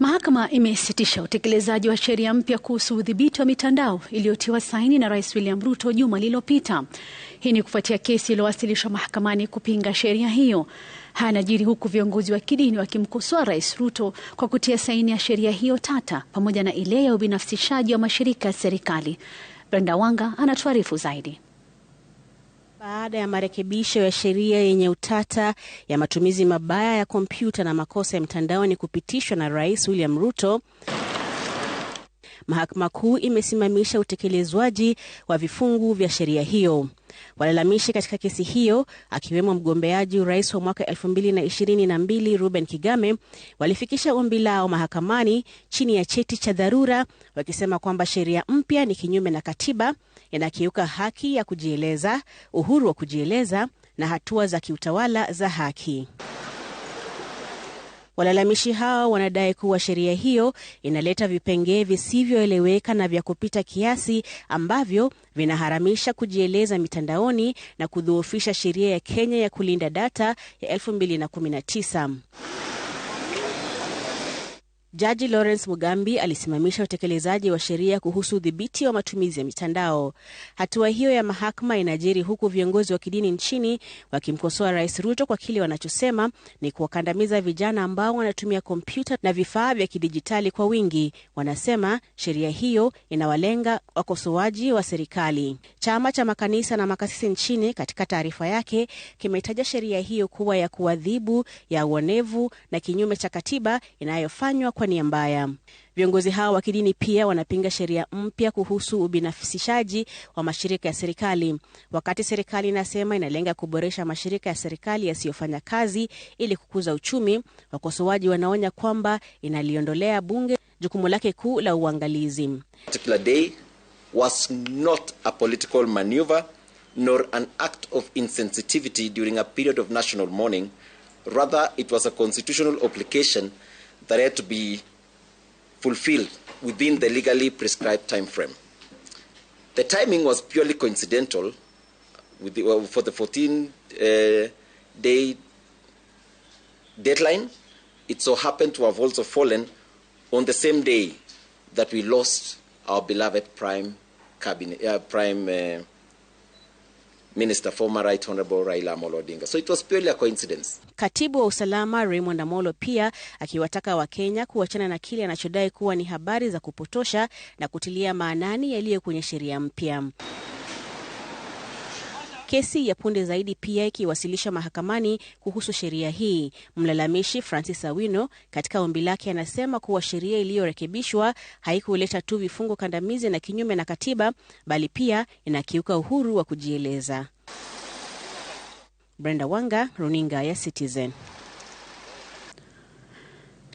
Mahakama imesitisha utekelezaji wa sheria mpya kuhusu udhibiti wa mitandao iliyotiwa saini na Rais William Ruto juma lililopita. Hii ni kufuatia kesi iliyowasilishwa mahakamani kupinga sheria hiyo. Haya yanajiri huku viongozi wa kidini wakimkosoa Rais Ruto kwa kutia saini ya sheria hiyo tata pamoja na ile ya ubinafsishaji wa mashirika ya serikali. Brenda Wanga anatuarifu zaidi baada ya marekebisho ya sheria yenye utata ya matumizi mabaya ya kompyuta na makosa ya mtandaoni kupitishwa na Rais William Ruto, Mahakama Kuu imesimamisha utekelezwaji wa vifungu vya sheria hiyo. Walalamishi katika kesi hiyo, akiwemo mgombeaji urais wa mwaka 2022 Ruben Kigame, walifikisha ombi lao mahakamani chini ya cheti cha dharura, wakisema kwamba sheria mpya ni kinyume na katiba, inakiuka haki ya kujieleza, uhuru wa kujieleza na hatua za kiutawala za haki. Walalamishi hao wanadai kuwa sheria hiyo inaleta vipengee visivyoeleweka na vya kupita kiasi ambavyo vinaharamisha kujieleza mitandaoni na kudhoofisha sheria ya Kenya ya kulinda data ya 2019. Jaji Lawrence Mugambi alisimamisha utekelezaji wa sheria kuhusu udhibiti wa matumizi ya mitandao. Hatua hiyo ya mahakama inajiri huku viongozi wa kidini nchini wakimkosoa Rais Ruto kwa kile wanachosema ni kuwakandamiza vijana ambao wanatumia kompyuta na vifaa vya kidijitali kwa wingi. Wanasema sheria hiyo inawalenga wakosoaji wa serikali. Chama cha makanisa na makasisi nchini, katika taarifa yake, kimetaja sheria hiyo kuwa ya kuadhibu, ya uonevu na kinyume cha katiba inayofanywa kwa nia mbaya. Viongozi hao wa kidini pia wanapinga sheria mpya kuhusu ubinafsishaji wa mashirika ya serikali, wakati serikali inasema inalenga kuboresha mashirika ya serikali yasiyofanya kazi ili kukuza uchumi. Wakosoaji wanaonya kwamba inaliondolea bunge jukumu lake kuu la uangalizi. Rather, it was a constitutional obligation that had to be fulfilled within the legally prescribed time frame. The timing was purely coincidental the, well, for the 14 uh, day deadline. It so happened to have also fallen on the same day that we lost our beloved prime cabinet, uh, prime uh, Minister, former Right Honorable Raila Amolo Odinga. So it was purely a coincidence. Katibu wa usalama Raymond Amolo pia akiwataka Wakenya kuachana na kile anachodai kuwa ni habari za kupotosha na kutilia maanani yaliyo kwenye sheria mpya kesi ya punde zaidi pia ikiwasilisha mahakamani kuhusu sheria hii. Mlalamishi Francis Awino katika ombi lake anasema kuwa sheria iliyorekebishwa haikuleta tu vifungo kandamizi na kinyume na katiba, bali pia inakiuka uhuru wa kujieleza. Brenda Wanga, runinga ya Citizen.